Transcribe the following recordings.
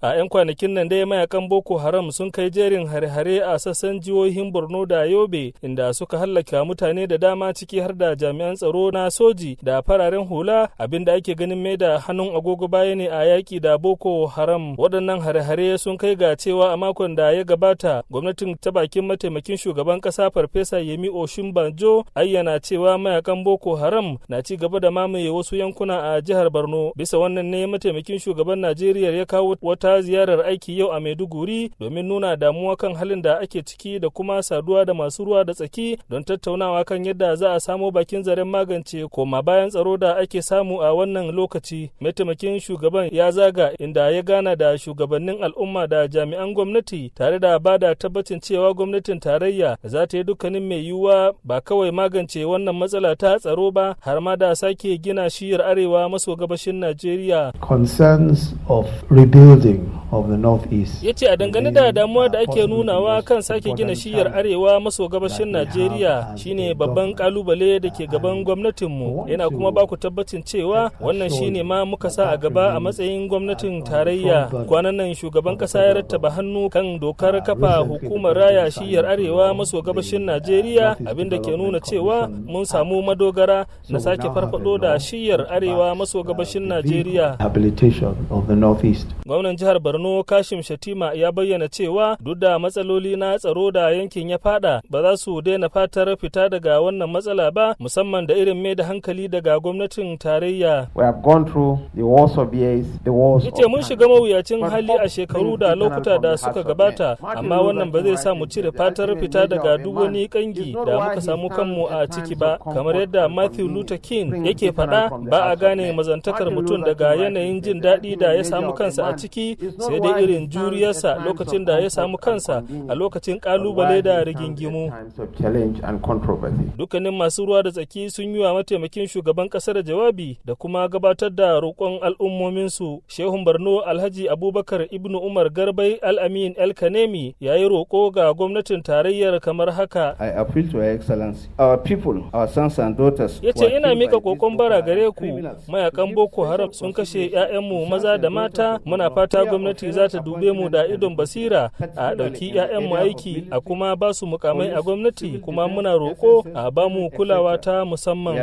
a 'yan kwanakin nan dai mayakan boko haram sun kai jerin hare-hare a sassan jihohin borno da yobe inda suka hallaka mutane da dama ciki har da jami'an tsaro na soji da fararen hula abinda ake ganin mai da hannun agogo baya ne a yaki da boko haram waɗannan hare-hare sun kai ga cewa a makon da ya gabata gwamnatin ta bakin mataimakin shugaban ƙasa farfesa yemi oshin banjo ayyana cewa mayakan boko haram na ci gaba da mamaye wasu yankuna a jihar borno bisa wannan ne mataimakin shugaban najeriya ya kawo wata ta ziyarar aiki yau a Maiduguri domin nuna damuwa kan halin da ake ciki da kuma saduwa da masu ruwa da tsaki don tattaunawa kan yadda za a samo bakin zaren magance koma bayan tsaro da ake samu a wannan lokaci. Mataimakin shugaban ya zaga inda ya gana da shugabannin al'umma da jami'an gwamnati tare da ba da tabbacin cewa gwamnatin tarayya za ta yi dukkanin mai yiwuwa ba kawai magance wannan matsala ta tsaro ba har ma da sake gina shiyar arewa maso gabashin Najeriya. Concerns of rebuilding 很好 ya ce a dangane da damuwa da ake nunawa kan sake gina shiyar arewa maso gabashin najeriya shine babban kalubale da ke gaban gwamnatinmu yana kuma baku tabbacin cewa wannan shine ma muka sa a gaba a matsayin gwamnatin tarayya kwanan nan shugaban kasa ya rattaba hannu kan dokar kafa hukumar raya shiyar arewa maso gabashin najeriya abinda ke nuna cewa mun samu madogara na sake farfado da shiyar arewa maso gabashin najeriya gwamnan jihar borno kashim shatima ya bayyana cewa duk da matsaloli na tsaro da yankin ya fada ba za su daina fatar fita daga wannan matsala ba musamman da irin mai da hankali daga gwamnatin tarayya ice mun shiga mawuyacin hali a shekaru da lokuta da suka gabata amma wannan ba zai sa mu cire fatar fita daga duk wani kangi da muka samu kanmu a ciki ba kamar yadda matthew luther king yake faɗa ba a gane mazantakar mutum daga yanayin jin daɗi da ya samu kansa a ciki sai dai irin juriyarsa lokacin da ya samu kansa a lokacin kalubale da rigingimu dukkanin masu ruwa da tsaki sun yi wa mataimakin shugaban kasar jawabi da kuma gabatar da roƙon al'ummominsu shehun barno alhaji abubakar ibnu umar garbai al'amin el kanemi ya yi roƙo ga gwamnatin tarayyar kamar haka ya ce ina mika kokon bara gare ku mayakan boko haram sun kashe 'ya'yanmu maza da mata muna fata gwamnati gwamnati za ta dube mu da idon basira a dauki 'ya'yan mu aiki a kuma ba su mukamai a gwamnati kuma muna roƙo a ba mu kulawa ta musamman.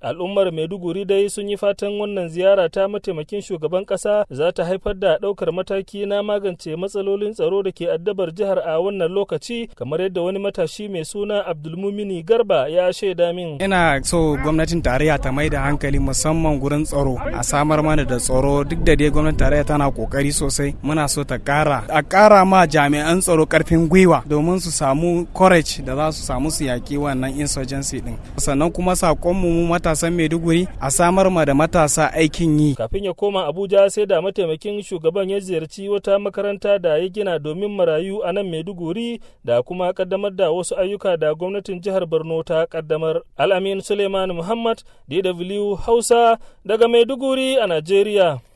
Al'ummar Maiduguri dai sun yi fatan wannan ziyara ta mataimakin shugaban ƙasa za ta haifar da ɗaukar mataki na magance matsalolin tsaro da ke addabar jihar a wannan lokaci kamar yadda wani matashi mai suna Abdulmumini Garba ya shaida min. Ina so gwamnatin tarayya ta mai da hankali musamman gurin tsaro a samar mana da tsaro duk da dai gwamnati gwamnatin tarayya tana kokari sosai muna so ta kara a kara ma jami'an tsaro karfin gwiwa domin su samu courage da za su samu su yaki wannan insurgency din sannan kuma sakonmu mu matasan maiduguri a samar ma da matasa aikin yi kafin ya koma abuja sai da mataimakin shugaban ya ziyarci wata makaranta da ya gina domin marayu a nan maiduguri da kuma kaddamar da wasu ayyuka da gwamnatin jihar borno ta kaddamar al'amin suleiman muhammad dw hausa daga maiduguri a najeriya